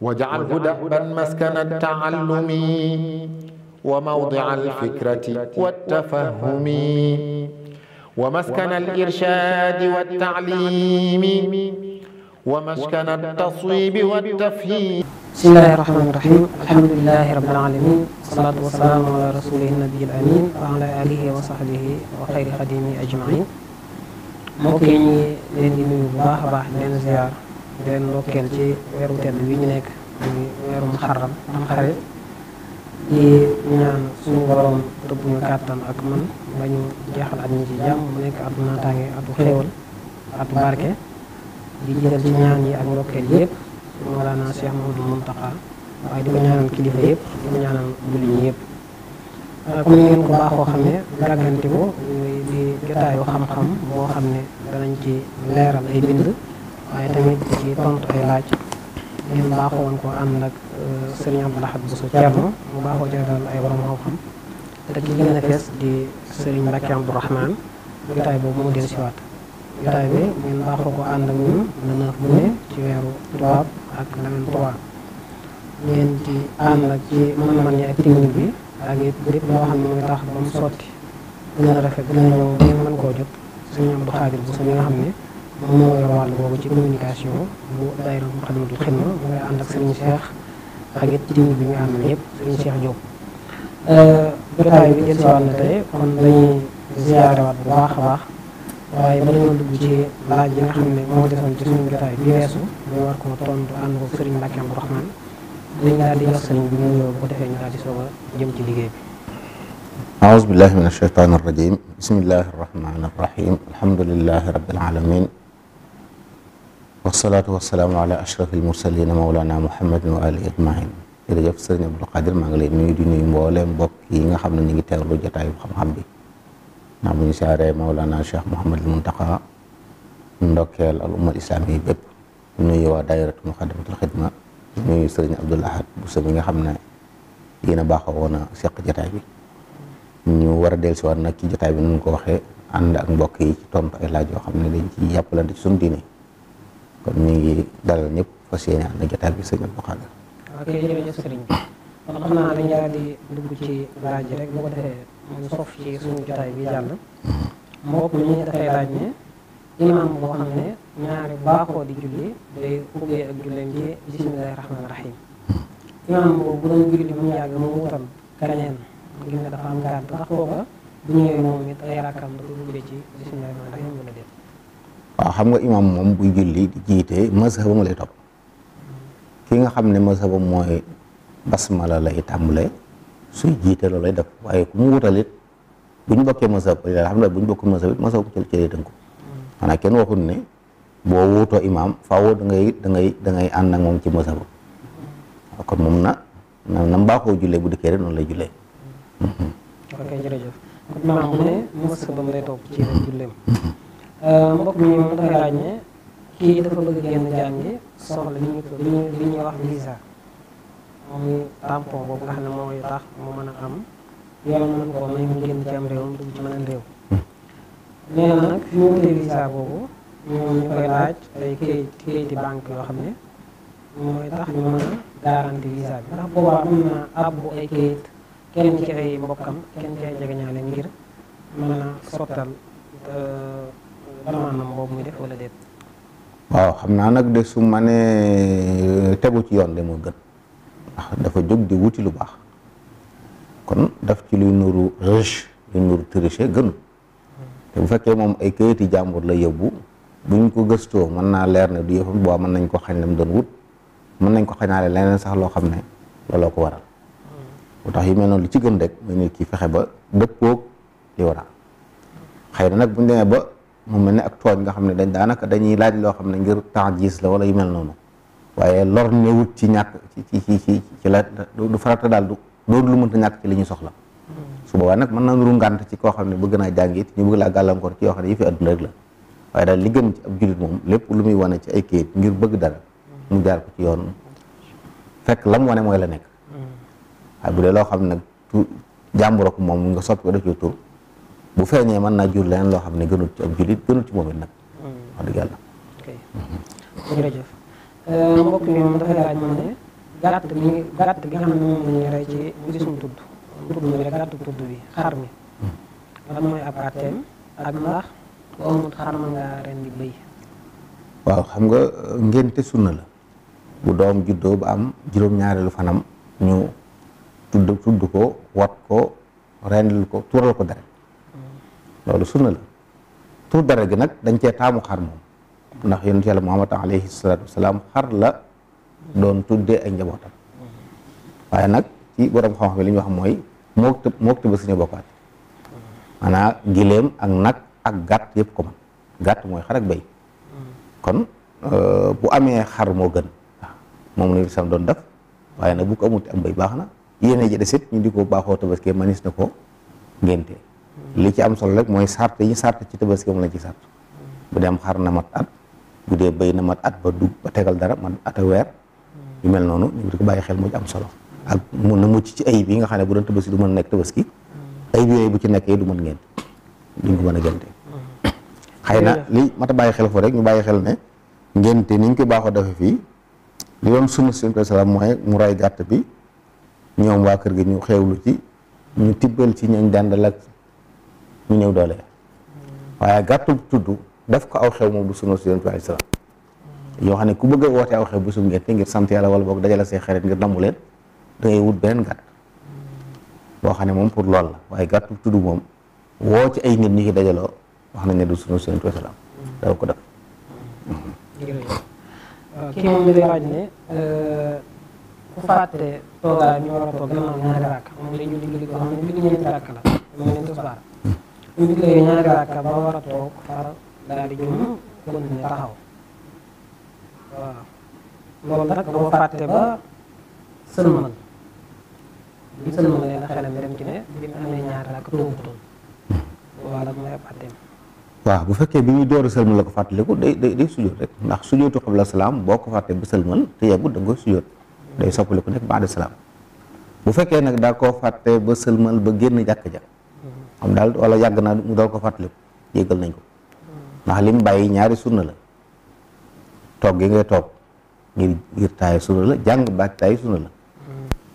واجعله دأبا مسكن التعلم وموضع الفكرة والتفهم ومسكن الإرشاد والتعليم ومسكن التصويب والتفهيم بسم الله الرحمن الرحيم الحمد لله رب العالمين والصلاة والسلام على رسوله النبي الأمين وعلى آله وصحبه وخير خديمه أجمعين mbokk yi ñu leen di nuyu bu baax a baax leen ziar di ndokkeel ci weeru tedd wi ñu nekk muy weeru muharram xare yi ñaan suñu borom tëbb ñu kàttan ak man ba ñu jeexal at ñi ci jàmm mu nekk atu naataange atu xéewal atu barke di jiital ci ñaan yi ak ndokkeel yëpp Mawlana Cheikh Mouhamadou Mountakha waaye di ko ñaanal kilifa yëpp di ñaanal jullit ñi yëpp euh, comme ni ngeen ko baaxoo xam ne gàggante ko di jotaayu xam-xam boo xam ne danañ ci leeral ay bind waaye tamit ci tontu ay laaj ngeen baaxoo woon koo ànd ak euh, sëriñ Abdou Lahad Bousso Thierno mu baaxoo jàngal ay borom xam-xam te ki gën a fees di sëriñ Mbacke Abdou Rahman jotaay boobu moo del siwaat jotaay bi ngeen baaxoo ko ànd ak ñun ne ci weeru tubaab ak le 23 ngeen ci ànd ak ci mën-mën yi ak technique bi ak it lépp loo xam ne mooy tax ba mu sotti gën rafet gën a ñëw ba koo jot sëriñ Abdou Khadir Bousso mi nga xam ne moom moo yor wàll boobu ci communication bu daayira bu Moukhaddamatoul Khidma mu ngay ànd ak sëriñ Cheikh ak it bi ñu àndal yëpp sëriñ Cheikh Diop. Euh, jotaay bi si wàll tey kon dañuy baax a baax waaye ba dañoo ci laaj yi nga xam ne ci suñu jotaay bi weesu ñu war koo tontu ànd ko sëriñ Mbacke Abdou Rahman dañ daal di jox sëriñ bi ñu nuyoo bu defee ñu daal di soog jëm ci liggéey bi. أعوذ بالله a الشيطان الرجيم بسم الله الرحمن الرحيم الحمد لله رب العالمين wasalaatu wasalaamu ala ashraf al mursalina maulana muhammadin wa ali ajmain jërëjëf sëriñ Abdul Qadir maa ngi lay nuyu di nuyu mboole mbokk yi nga xam ne ñu ngi teewlu jotaayu xam-xam bi naa bu ñu saaree maulana cheikh Mouhamadul Muntaqa ndokkeel al umma islaami yi bépp di nuyu waa daayiratu muqaddamatul xidma di nuyu sëriñ Abdul Ahad bu sa mi nga xam ne yéen a baaxoo seq jotaay bi ñu war a dellusiwaat nag ci jotaay bi nu ko waxee ànd ak mbokk yi ci tontu ay laaj yoo xam ne dañ ci yàppalante ci suñu diine kon ñu ngi dal ñëpp fas yéene ànd ak jotaay bi sëñ Abdou Khadre. ok jërëjëf sëriñ bi kon xam naa dañu daal di dugg ci laaj rek bu ko defee mu bi jàll. mbokk mi dafay ñaari baaxoo di julli day ubbee ak julleem ci bismillahi rahmaani rahim. imam boobu bu doon julli mu yàgg mu wutal keneen ngir ne dafa am gàtt ndax kooka bu ñëwee moom it ay rakkam dafa ubbee ci bismillahi rahmaani rahim wala déet. waaw xam nga imam moom buy julli di jiite mazhabam lay topp ki nga xam ne mazhabam mooy basmala lay tàmbale suy jiite loolu lay def waaye ku mu wutalit bu ñu bokkee mazhab alhamdulilah bu ñu bokkee mazhab it mazhab ko ci lay tënku maanaam kenn waxul ne boo wuutoo imam faaw da ngay da ngay da ngay ànd ak moom ci mazhab kon moom na na na mbaaxoo jullee bu dikkee rek noonu lay jullee. Euh, mbokk mi mën nga ràññee kii dafa bëgg génn jaam yi soxla li ñuy li ñuy wax visa mooy tampon boobu nga xam ne mooy tax mu mën a am yoon mën koo may mu génn ci ci mën réew nee na nag fi ñu wutee visa boobu ñoom ñu yoo xam ne mooy tax ñu mën a bi ndax boobaa mën na abbu ay këyit kenn ci ay mbokkam kenn ci ay jegeñaale ngir mën a sottal euh, maanaam boobu waaw xam naa nag de su ma nee euh, tegu ci yoon de moo gën ndax dafa jóg di wuti lu baax kon def ci luy nuru riche luy nuru triche gënu te bu fekkee moom ay kayiti jàmbur la yóbbu buñ ko gëstoo mën naa leer ne du yëfam boo mën nañ ko xañ lam doon wut mën nañ ko xañaale leneen sax loo xam ne looloo ko waral bu hmm. tax yu mel noonu li ci gën rek mooy nit ki fexe ba dëppoog li waral xëy na nag buñ demee ba mu mel ne ak tooñ nga xam ne dañ daanaka dañuy laaj loo xam ne ngir tànjiis la wala yu mel noonu waaye lor ñëwut ci ñàkk ci ci ci ci la du farata daal du doon lu mënta ñàkk ci li ñuy soxla su boobaa nag mën na nuru ngànt ci koo xam ne bëgg naa jàng it ñu bëgg laa gàllankoor ci yoo xam ne la waaye daal li gën ci ab jullit lépp lu muy wane ci ay kayit ngir bëgg dara mu jaar ko ci yoon fekk lam wane mooy la nekk mm. waaye bu dee loo xam ne nag jàmbur ak moom nga soppi ko def ci tur bu feeñee mën naa jur leen loo xam ne gënul ci ab jullit gënul ci mm. mm-hmm. euh, moom it nag. moom dafay laaj moom ne gàtt mi nga xam ne mm. waaw xam nga euh, ngénte sunna la bu doom juddoo ba am juróom-ñaareelu fanam ñu tudd tudd ko wat ko rendil ko tuural ko dara loolu sunna la tur dara gi nag dañ cee taamu xar moom ndax yonent yàlla Muhammad alayhi salaatu wasalaam xar la doon tuddee ay njabootam waaye nag ci borom xam-xam yi li wax mooy moog të moog tëb suñu ak nag ak gàtt yëpp ko mooy xar ak béy kon euh, bu amee xar moo gën waaw moom la sam doon def waaye nag bu ko amut am béy baax na yéene ji desit ñu di ko baaxoo tabaskee manis na ko ngénte li ci am solo rek mooy sart yi sart ci tabaski moom la ci sart bu dee xar na mat at bu dee béy na mat at ba du ba tegal dara man at a weer yu mel noonu ñu di ko bàyyi xel moo ci am solo ak mun na mucc ci ayib yi nga xam ne bu doon tabaski du mën nekk tabaski ayib yooyu bu ci nekkee du mën ngeen a gente na li mat a bàyyi xel foofu rek ñu bàyyi xel ne ngénte ni ñu koy baaxoo defee fii li doon sunna si salaam mooy mu ray gàtt bi ñoom waa kër gi ñu xewlu ci ñu tibbal ci ñooñ dàndal ak ñu néew doole waaye gàttul tudd def ko aw xew moom du sunna si yonent bi alayhi salaam yoo xam ne ku bëgg a woote aw xew bu sum ngénte ngir sant yàlla wala boog dajale say xarit ngir namu leen da ngay wut beneen gàtt boo xam ne moom pour lool la waaye gàttul tudd moom woo ci ay nit ñi ci dajaloo wax nañ ne du sunna si yonent bi alayhi salaam daw ko def euh, a jullee bu fekkee bi ñuy door a sëlmal la ko fàttaliku day day sujjóot rek ndax sujjóotu xabla salaam boo ko fàttee ba sëlmal te yeggut da koy sujjóot day soppaliku nekk baada salaam bu fekkee nag daa koo fàtte ba sëlmal ba génn jàkk ja xam daal wala yàgg naa mu dal ko fàttaliku jéggal nañ ko ndax lim bàyyi ñaari sunna la toog gi ngay toog ngir ngir taay sunna la jàng baat taay sunna la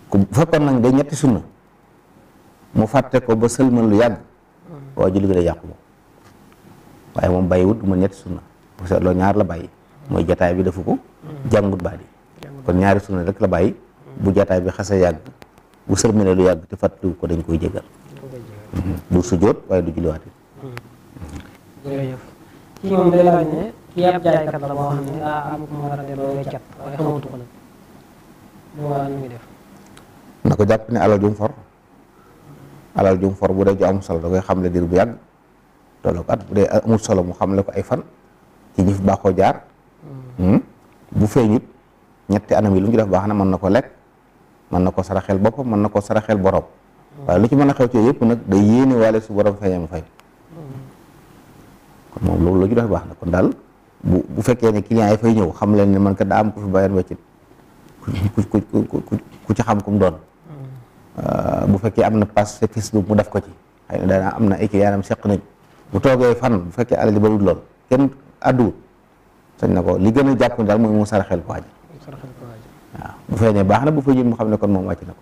ku fekkoon nag day ñetti sunna mu fàtte ko ba sëlmal lu yàgg waa julli gi day yàqu moom waaye moom bàyyiwut mu ñetti sunna bu ñaar la bàyyi mooy jataay bi defu ko jàngut baat yi kon ñaari sunna rek la bàyyi bu jataay bi xasee yàgg bu sëlmalee lu yàgg te fàttaliku ko dañ koy jégal du sujjóot waaye du julliwaat jërëjëf ko nag mu war a nu muy na ko jàpp ne alal for alal for bu dee ju am solo da koy xam ne diir bu yàgg tolloog bu dee amul solo mu xam ne ko ay fan ci ñi fi baaxoo jaar hmm, bu feeñut ñetti anam yi lu ñu def baax na mën na ko lekk mën na ko saraxel bopp mën na ko saraxeel borom waaye lu ci mën a xew ci yëpp nag day yéene waale su borom fayam fay kon moom loolu la ñu def baax na kon daal bu bu fekkee ne client yi fay ñëw xam leen ne man kat daa am ku fi bàyyoon weccit ku ku ku ci xam ku mu doon hmm. bu fekkee am na pass Facebook mu def ko ci xëy na am na ay client seq nañ bu toogee fan bu fekkee alal ji bariwul lool kenn àdduwut na ko li gën a jàpp daal mooy mu saraxel ko waaji waaw bu feeñee baax na bu feeñee mu xam ne kon moom wàcc na ko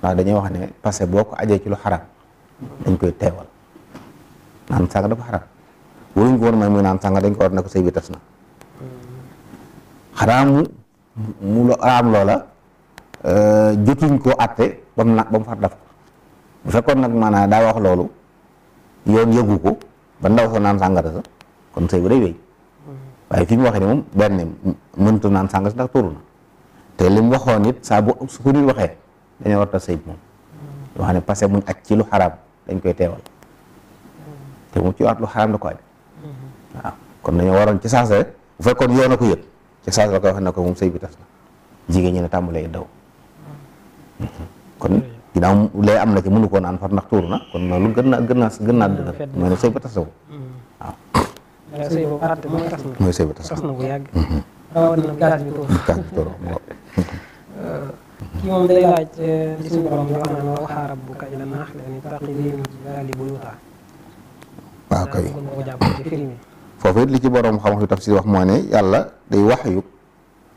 ndax dañuy wax ne passé boo ko ajee ci lu xaram dañ koy teewal naan sànga dafa xaram waruñ ko war may muy naan sànga dañ ko war na ko sëy bi tas na xaraamu mu lo raam loola euh, jotuñ koo atte ba mu na ba mu far daf ko bu fekkoon nag maanaam daa wax loolu yoon yëgu ko ba ndaw soo naan sàngara sa kon sëy bi day wéy waaye fi mu waxee ni moom benn mënta naan sàngara sa ndax tuuru na te li mu waxoon it saa bu su ko nit waxee dañoo war a sëy moom yoo xam ne passé muñ ak ci lu xaraam dañ koy teewal te mu ci waat lu xaraam da ko aj waaw kon dañoo waroon ci saasa rek bu fekkoon na ko yëg ci saasa la koy ko moom sëy bi tas na jigéen ñi ne tàmbalee daw kon ginnaaw lay am na ci mënu koon an far ndax tuur na kon loolu gën naa gën naa gën naa mooy sëy ba tas na ko waaw mooy sëy ba tas na bu yàgg mhm. kii moom day laaj li eh, eh, suñu borom di wax foofu it li ci borom xam-xam tafsir wax moo ne yàlla day wax yu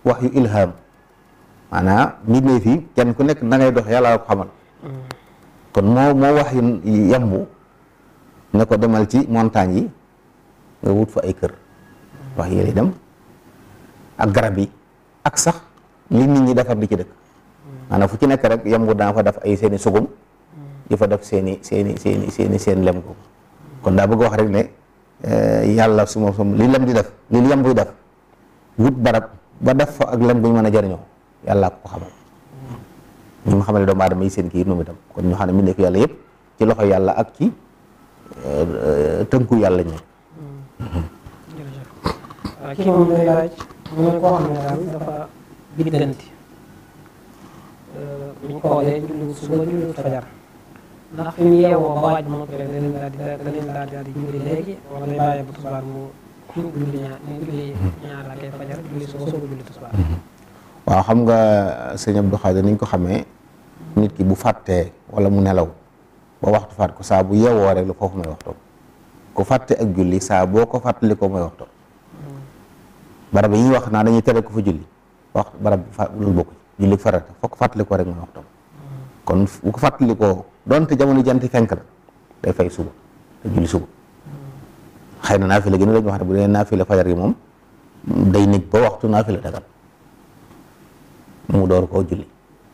wax yu ilham maanaam nit ñi kenn ku nekk na ngay dox yàlla ko xamal mm. kon moo moo wax yu yembu ne ko demal ci montagne yi nga wut fa ay kër mm. wax yi dem ak garab yi ak sax li nit ñi defar di ci dëkk maanaam fu ci nekk rek daa fa def ay seen i sugum fa def seen i seen i seen seen i kon daa bëgg wax rek ne eh, yàlla su som li lem di def li yam buy def wut barab ba def fa ak lem bu mën a jëriñoo yàlla ko xamal ñu ma xamal ne doomu aadama yi seen kii moom itam kon ñu xam ne mbindeef yàlla yëpp ci loxo yàlla ak ci eh, tënku yàlla ñu biñ mhm. waaw xam nga sëñ Abdou Khadir niñ ko xamee nit ki bu fàttee wala mu nelaw ba waxtu faat ko saa bu yeewoo rek la foofu may waxtu ku fàtte ak julli saa boo ko fàttali ko may waxtu mhm. barab wax naa dañuy tere ko fa julli wax barab loolu bokk julli farata foog fàttali ko rek mu waxtam kon ko fàttali ko donte jamono janti fenk la day fay suba te julli suba na a lañu wax ne bu dee naafila fajar gi moom day nekk ba waxtu naafila dagal mu door koo julli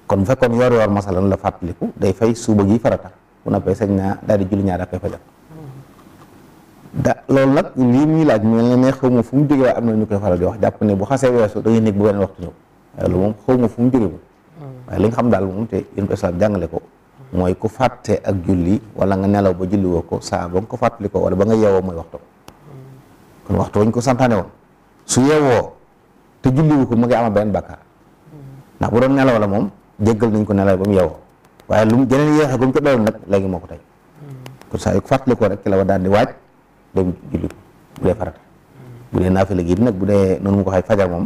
kon bu fekkoon yor yor la fàttaliku day fay suba gi farata bu noppee sañ naa daal di ñaar ak fajar da loolu nag lii muy laaj mel ne xaw ma fu mu jógee am na ñu koy faral di wax jàpp ne bu xasee weesu da ngay nekk bu waxtu ñëw loolu eh, moom xaw ma fu mu jóge hmm. waaye li nga xam daal moom te yéen ko jàngale ko mooy ko fàtte ak julli wala nga nelaw ba julli woo ko saa ba nga ko fàttali ko wala ba nga yeewoo mooy waxtu hmm. kon waxtu wañ ko santaane woon su yeewoo te ko mu ngi amal benn bàkkaar hmm. ndax bu doon nelaw la moom jéggal nañ ko nelaw ba mu yeewoo lu mu geneen yeexe ko ko daloon nag léegi moo ko tey kon saa yu ko fàttali ko rek ci la war daal di waaj dem julli bu dee farata bu dee naafila gi nag bu dee noonu mu ko xay fajar moom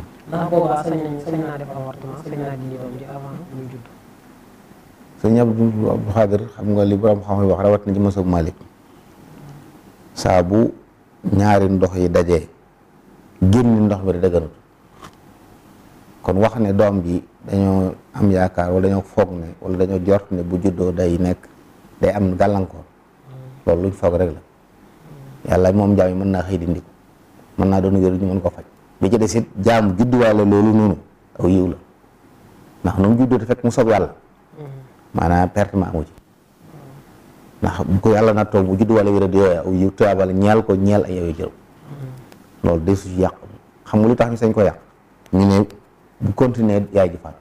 ndax ah, boobaa sañ nañ xam nga li borom xam-xam wax rawat na ci masab Malik saa bu ñaari ndox yi dajee génn ndox mi bi dëgërut kon wax ne doom bi dañoo am yaakaar wala dañoo foog ne wala dañoo jort ne bu juddoo day nekk day am gàllankoor loolu luñ foog rek la yàlla moom jaam yi mën naa xëy dindi ko mën naa doon wér ñu mën ko faj bi ci des it jaam judduwaale loolu noonu aw yiw la ndax nu juddoo te mu soog yàlla maanaam perte ma amu ci ndax bu ko yàlla na toog bu judduwaale wéra di yooya aw yiw tuyaabal ñeel ko ñeel ay yow jëw loolu de su ci yàq xam nga lu tax ñu sañ ko yàq ñu ne bu continuer yaay ji faat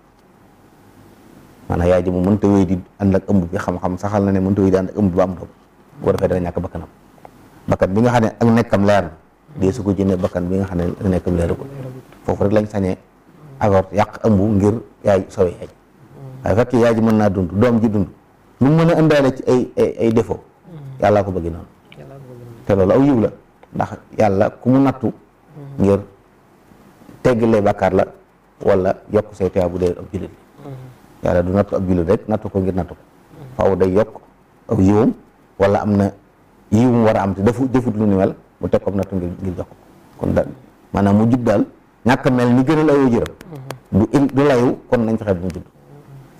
maanaam yaay ji mu mënta wéy di ànd ak ëmb bi xam-xam saxal na ne mënta wéy di ànd ak ëmb ba am doom bu ko defee dana ñàkk bakkanam bakkan bi nga xam ne ak nekkam leer dee su ko jëndee bakkan bi nga xam ne nekkam leeragut foofu rek lañ sañee avorte yàq ëmb ngir yaay sowe yaay waaye fekk yaay ji mën naa dund doom ji dund lu mu mën a indaale ci ay ay yàllaa ko bëgg noonu te loolu aw yiw la ndax yàlla ku mu nattu ngir teggalee bàkkaar la wala yokk say tuyaa bu dee ab jullit mm-hmm. yàlla du nattu ab jullit rek nattu ko ngir nattu ko faaw day yokk aw yiwam wala am na yii mu war a am te dafu defut lu ni mel mu teg ko nattu ngir jox ko kon maanaam mu jub daal ñàkk mel ni gën a layoo jërëm mm-hmm. du layu kon nañ fexe bu mu jub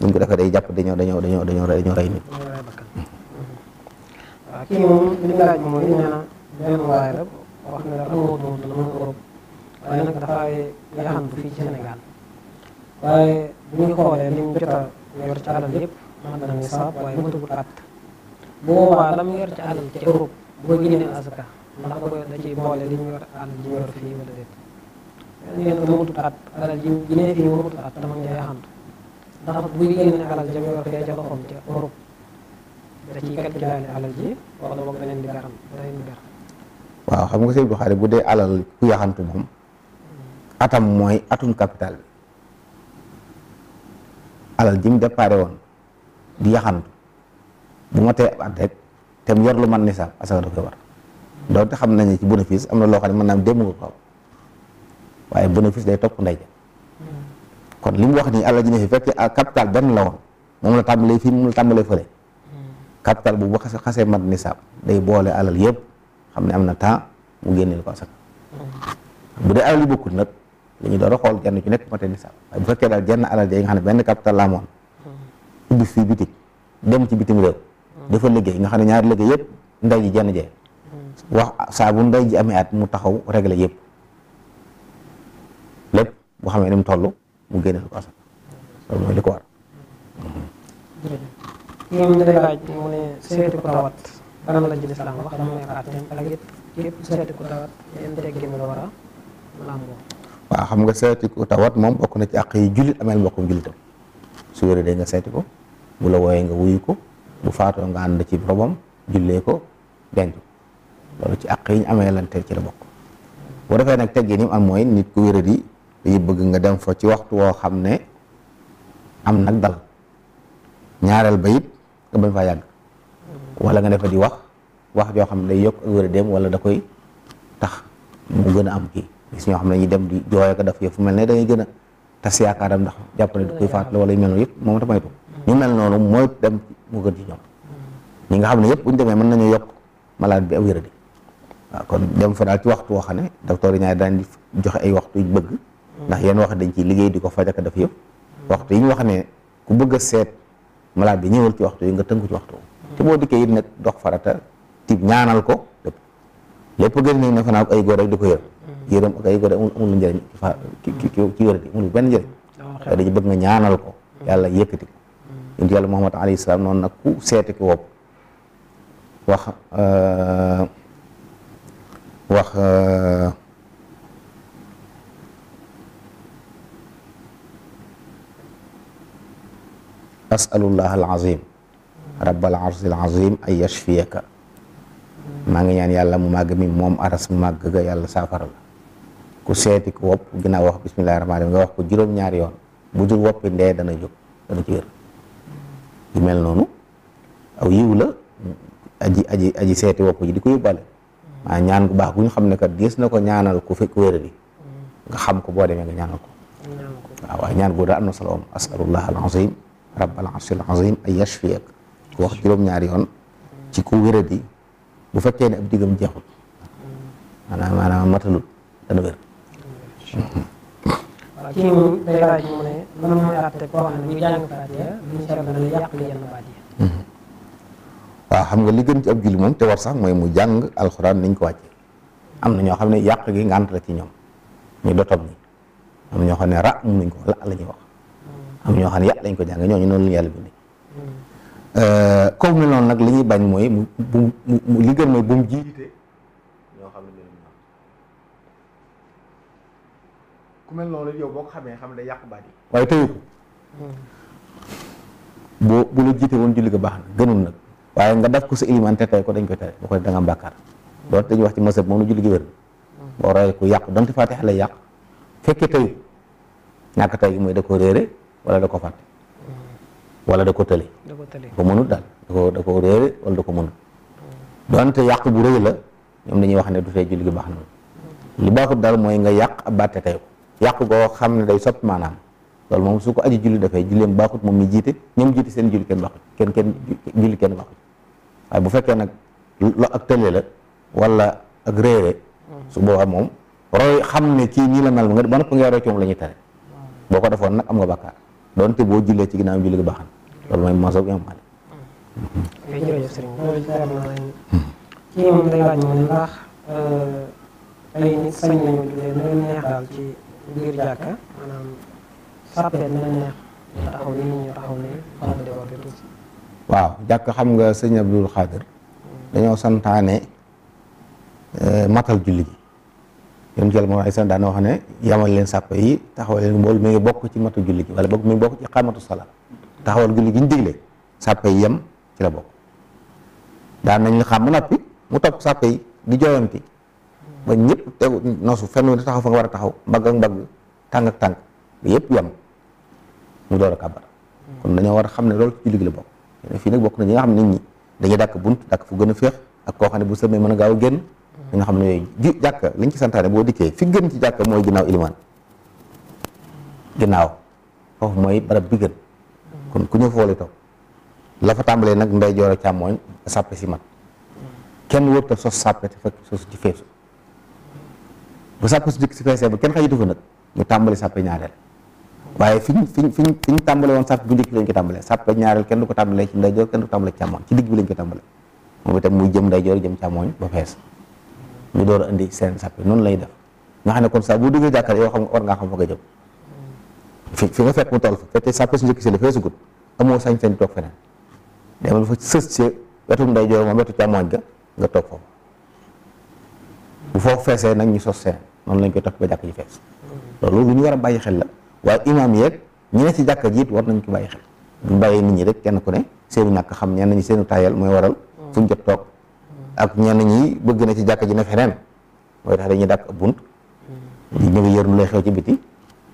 buñ ko defee day jàpp dañoo dañoo dañoo dañoo dañoo rey nit waaw mm-hmm. mm-hmm. ah, moom li mu laaj mooy nee na benn waay la mu jot a yor ci alal bu boobaa la mu yor ci alal ci Europe boo génnee asaka ndax da koy da ciy boole li ñu yor alal ji ñu yor fii wala déet nee na at at dama ngay yaxantu ndax bu alal jam yor fee ca loxoom ca di garam beneen di garam waaw xam nga sëñ Buxaari bu dee alal ku yaxantu moom atam mooy atum capital bi alal ji mu déparé woon di yaxantu bu ma tee at rek te mu yor lu man nisaab asaka da koy war doonte xam nañu ci bénéfice am na loo xam ne mën naa nga ko waaye bénéfice day topp ndey ja kon li mu wax nii àll ji ne fi fekkee ak ah capital benn la woon moom la tàmbalee fii moom la tàmbalee bu bu xasee mat nisaab day boole alal yëpp xam ne am na temps mu génnee ko asaka bu dee alal yu bokkul nag li ñu door a xool jenn ci nekk matee nisaab waaye bu fekkee daal jenn alal ja nga xam ne benn capital la amoon ubbi fii bitik dem ci bitim réew dafa liggéey nga xam ne ñaar liggéey yëpp nday ji jenn jee wax saa nday ji amee at mu taxaw réglé yëpp lépp boo xamee ni mu toll mu génne ko asaka loolu xam nga seeti ko tawat moom bokk na ci àq yi jullit ameel mbokkum jullitam su wéree dee nga seeti ko bu la wooyee nga wuyu ko. bu faatoo nga ànd ci robam jullee ko denc loolu ci àq yi ñu amee lanteel ci la bokk bu defee nag teggee ni mu am mooy nit ku wéradi dañuy bëgg nga dem fa ci waxtu woo xam ne am nag dal ñaareel ba it nga bañ faa yàgg wala nga defa di wax wax joo xam ne day yokk ak wala da koy tax mu gën a am kii gis ñoo xam ne ñu dem di jooy ko fu mel ne dangay gën a tas yaakaaram ndax jàpp ne du koy faat la wala yu mel noonu yëpp moom ta moytu ñu mel noonu mooy dem moo gën ci ñoom ñi nga xam ne yépp bu ñu demee mën nañu yokk malade bi ak wéradi waaw kon dem fa daal ci waxtu woo xam ne docteur yi ñaari daan di joxe ay waxtu yu bëgg ndax yenn wax dañ ci liggéey di ko faj ak def yëpp waxtu yi ñu wax ne ku bëgg a seet bi ñëwal ci waxtu yi nga tënku ci waxtu te boo dikkee it nag dox farata tib ñaanal ko lépp lépp gën nañ ne fanaa ay góor rek ko yërëm yërëm ak ay góor amul amul njëriñ ci fa ci wéradi benn njëriñ dañu bëgg nga ñaanal ko yàlla yëkkati ko yonent yàlla Muhammad alayhi salaam noonu nag ku seeti ku wopp wax euh, wax euh, asalullah al azim rabbal arsil azim ay yashfiyaka maa ngi ñaan yàlla mu màgg mi moom aras mu màgg ga yàlla saafara la ku seeti ku wopp ginnaaw wax bismillahi ma nga wax ko juróom-ñaari yoon bu dul woppi ndee dana jóg dana ci yu mel noonu aw yiw la aji aji aji seeti wopp ji di ko yóbbaale maa ñaan ku baax gu ñu xam ne kat gis na ko ñaanal ku fekk wéra nga xam ko boo demee nga ñaanal ko waaw waaye ñaan ko daa am na solom om asalullah al azim rabbal arshil azim ay yashfiyak ko wax juróom-ñaari yoon ci ku wéra bu fekkee ne ab diggam jeexul ma maanaam matalut dana wér moom mooy mm-hmm. xam nga li gën ci ab julli moom te war sax mooy mu jàng alxuraan niñ ko wàccee am na ñoo xam ne yàq gi ngànt la ci ñoom ñu dotob ñi am ñoo xam ne ra mun nañ ko la la wax mm-hmm. am ñoo xam ne yàq lañ ko jàng ñooñu noonu la ñu yàlla bindee. Mm-hmm. Euh, comme ni noonu nag li ñuy bañ mooy mu bu mooy bu mu jiite ku mel noonu boo xamee xam ne yàqu baat waaye tëyu ko. bu la jiite woon julli ko baax na gënul nag waaye nga def ko sa iliman tey ko dañ koy tere boo ko def da nga am dañuy wax ci masab moom la julli gi wér. boo royee ku yàqu donte Faatiha lay yàq fekkee tëyu ñàkk tey mooy da ko réere wala da ko fàtte. wala da ko tële. da ko ko mënut daal da ko da ko réere wala donte yàq bu rëy la ñoom dañuy wax ne du tey julli gi baax na li baaxut daal mooy nga yàq a baat te tey ko. yàq goo xam ne day soppi maanaam loolu moom su ko aji julli dafay julleem baaxut moom mi jiite ñoom jiite seen julli kenn baaxut kenn kenn julli kenn baaxut waaye bu fekkee nag lo ak tële la wala ak réere su boobaa moom roy xam ne kii nii la mel nga ba noppi ngay roy ci moom la ñuy tere boo ko defoon gi baax na loolu mooy masoog imam Maalik jërëjëf sëriñ loolu ci euh, leer na biir waaw jàkk xam nga sëñ Abdul Xaadir dañoo santaane eh, matal julli gi yoon jël moom ay sant daana wax ne yamal leen sàpp yi taxawal leen mbool mi ngi bokk ci matu julli gi wala bokk mi bokk ci xamatu sala taxawal julli gi ñu digle sàpp yi yem ci la bokk daan nañ xam ba mu topp sàpp yi di jooyanti ba ñëpp tegu noosu fenn wu ne taxaw fa nga war a taxaw mbagg ak mbagg tànk ak tànk ba yëpp yem mu door a kàbbar kon dañoo war a xam ne lool ci julli la bokk fii nag bokk na ñi nga xam ne ñi dañuy dàkk bunt dàkk fu gën a féex ak koo xam bu sëmmee mën a gaaw a génn da xam ne yooyu ji jàkka liñ ci santaane boo dikkee fi gën ci jàkka mooy ginnaaw ilimaan ginnaaw foofu mooy barab bi gën kon ku ñëw foole toog la fa tàmbalee nag ndeyjoor ak càmmooñ sàppe si mat kenn wër ta sos sàppe te ci feesu bu sàpp su njëkk si feesee ba kenn xajitu fa nag ñu tàmbali sàppe ñaareel waaye fi ñu fi ñu fi ñu fi ñu tàmbale ko tàmbalee sàppe ñaareel kenn du ko tàmbalee ci ndeyjoor ko tàmbalee ci càmmoñ ci digg bi lañ ko tàmbalee moom noonu lay def nga xam ne comme ça boo duggee jàkkar yoo xam xam fa nga jëm fi fi nga fekk fa fekkee sàppe su njëkk si la feesugut amoo sañ-sañ toog feneen demal fa sës ci wetum ndeyjoor moom wetu càmmoñ ga nga toog foofu bu foofu feesee nag ñu sos seen noonu lañ koy topp ba jàkk ji fees loolu lu ñu war a bàyyi xel la waaye imaam yeeg ñi ci jàkka ji it war nañ ko bàyyi xel bu bàyyee nit ñi rek kenn ku ne seenu ñàkk xam ñenn ñi seenu taayal mooy waral fuñ jot toog ak ñenn ñi bëgg na ci jàkka ji ne feneen mooy tax dañuy dàkk bunt ñu ngi yër lu lay xew ci biti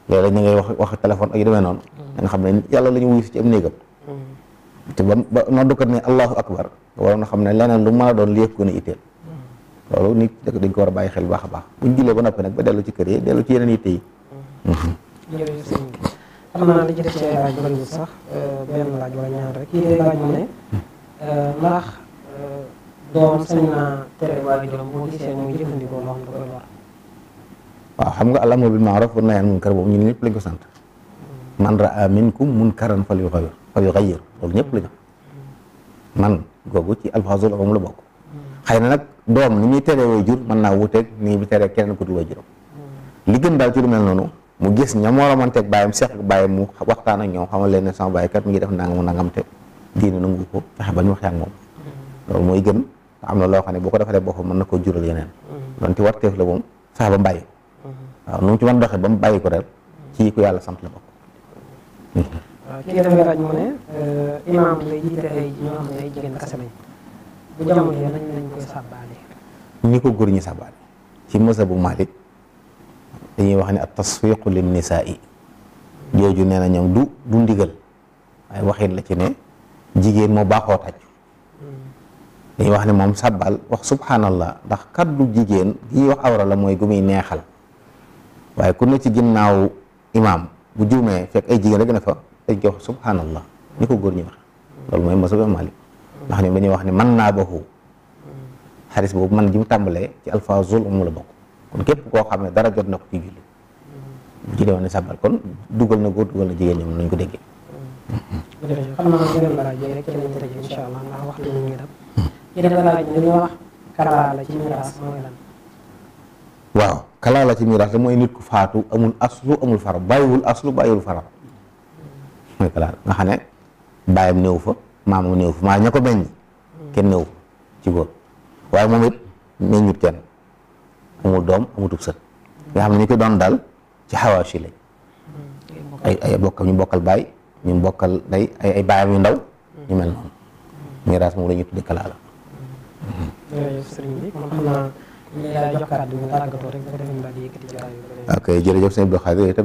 léeg-léeg ñu ngay wax wax téléphone ak yu demee noonu da nga xam ne yàlla la ñu wuyu ci am néegam ba noddukat ne allahu a xam ne leneen lu mën a doon li a itteel loolu nit dañ ko war a bàyyi xel bu baax a baax buñ jullee ba noppi nag ba dellu ci kër yi dellu ci yeneen yitte yi. jërëjëf sëñ euh, euh, euh, doom sañ naa tere waajuram boo jëfandikoo loo xam nga al-amru bil ma'ruf wan nahyu anil munkar boobu ñun ñëpp lañ ko sant. man ra'a minkum munkaran man googu ci alfazul umum la bokk. Mm. xëy na nag. doom ni muy teree waajur mën naa wuteeg ni muy teree keneen ku dul waajuram li gën daal ci lu mel noonu mu gis ña moo ramanteeg bàyyam seq bàyyam mu waxtaan ak ñoom xamal leen ne sama bàyyi kat mi ngi def nangam nangam te diine nangu ko fexe ba ñu waxee ak mooy gën am na loo xam ne boo ko defalee boppam mën na koo jural yeneen donte warteef la moom fexe ba mu bàyyi waaw nu mu ci mën doxee ba mu bàyyi ko rek ci ku yàlla sant la bokk. waaw kii dafay bu ñi ko góor ñi sabal ci bu Malik dañuy wax ne at tasfiqu lin nisaa'i jooju nee na ñoom du du ndigal waaye waxin la ci ne jigéen moo baaxoo tàccu dañuy wax ne moom sàbbal wax subhanallah ndax kaddu jigéen gi wax awra la mooy gu muy neexal waaye ku ne ci ginnaaw imaam bu juumee fekk ay jigéen rek ne fa dañ koy wax subhanallah ñi ko góor ñi wax loolu mooy mazhabu Malik ndax ñoom dañuy wax ne man naa baxu boobu man ji ci alfaazul umu koo xam ne dara jot na ko ci julli na ko déggee jërëjëf xam mooy waaw kalaala ci miraas la nit ku faatu amul aslu amul fara bàyyiwul aslu bàyyiwul fara mooy kalaala nga xam ne bàyyam néew fa maamam néew maa ña ko meññ kenn néew ci góor waaye moom it meññut kenn amul doom amutub sët nga xam ne ñu ko doon daal ci xawaasi lañ ay bokk ñu bokkal baay ñu bokkal day ay ay baayam yu ndaw ñu mel noonu miraas moom la ñuy tudde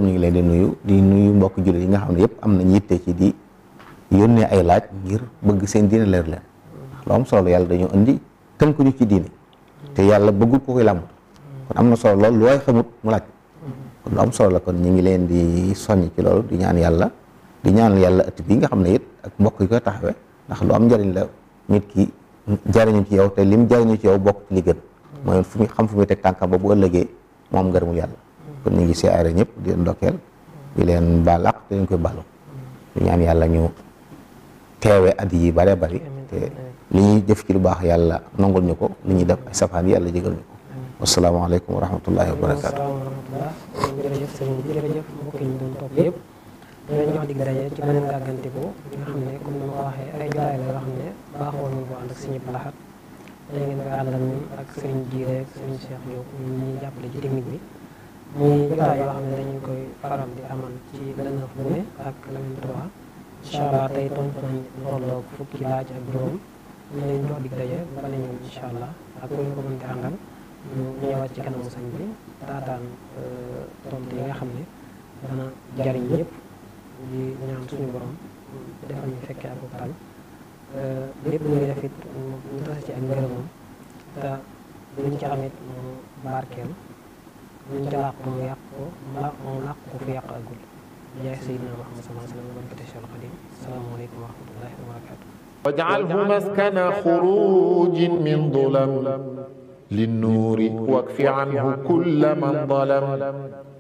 ñu ngi leen di nuyu di nuyu mbokk jullit yi nga xam ne yëpp am nañ yitte ci di yónnee ay laaj ngir bëgg seen diine leer leen ndax lu am solo yàlla dañoo indi tënk ñu ci diine te yàlla bëggul ko koy làmbut kon am na solo lool lu waay xamut mu laaj kon lu am solo la kon ñu ngi leen di soññ ci loolu di ñaan yàlla di ñaan yàlla ëtt bi nga xam ne it ak mbokk yi koy ndax lu am njariñ la nit ki jariñu ci yow te lim jariñu ci yow bokk ci li gën fu muy xam fu muy teg tànkam ba ëllëgee moom ngërëmul yàlla kon ñu ngi siyaare ñëpp di leen ndokkeel di leen baal ak koy baalu di ñaan yàlla ñu teewe at yi bare bari te li ñuy def ci lu baax yàlla nangul ñu ko li ñuy def ay safaan yi yàlla jégal ñu ko wasalaamaaleykum wa rahmatullahi wa barakaatu jërëjëf sëriñ ñu doon topp yëpp ci beneen gàggante ko nga xam ne comme ni ma waxee ay jotaay la yoo xam ne baaxoo nañ ko ànd ak suñu laxat dañ ngeen koy àndal ak sëriñ Jiire ak sëriñ Cheikh Diop ñu jàppale ci technique bi muy jotaay yoo xam ne dañu koy faral di amal ci le neuf ne ak le vingt incha allah tey tontu nañ tolloog fukki laaj ak juróom ñu leen jox dig daje bala ñëw incha allah ak ku ñu ko ñu ñëwaat ci kanamu sëñ bi taataan euh, tontu yi nga xam ne dana jariñ ñëpp di ñaan suñu borom defal ñu fekkee ak tal euh, lépp lu ñuy ñu tase ci ak ngërëmam te liñ ci am mu barkeel liñ ci làq mu yàq ko mu làq ko fu yàq agul jaay sayyidina Muhammad sallallahu alayhi wa sallam barkati Cheikh Xadim asalaamu aleykum wa rahmatullahi wa barakaatu waj'alhu maskana xurujin min dulam linnuuri wakfi anhu kulla man dalam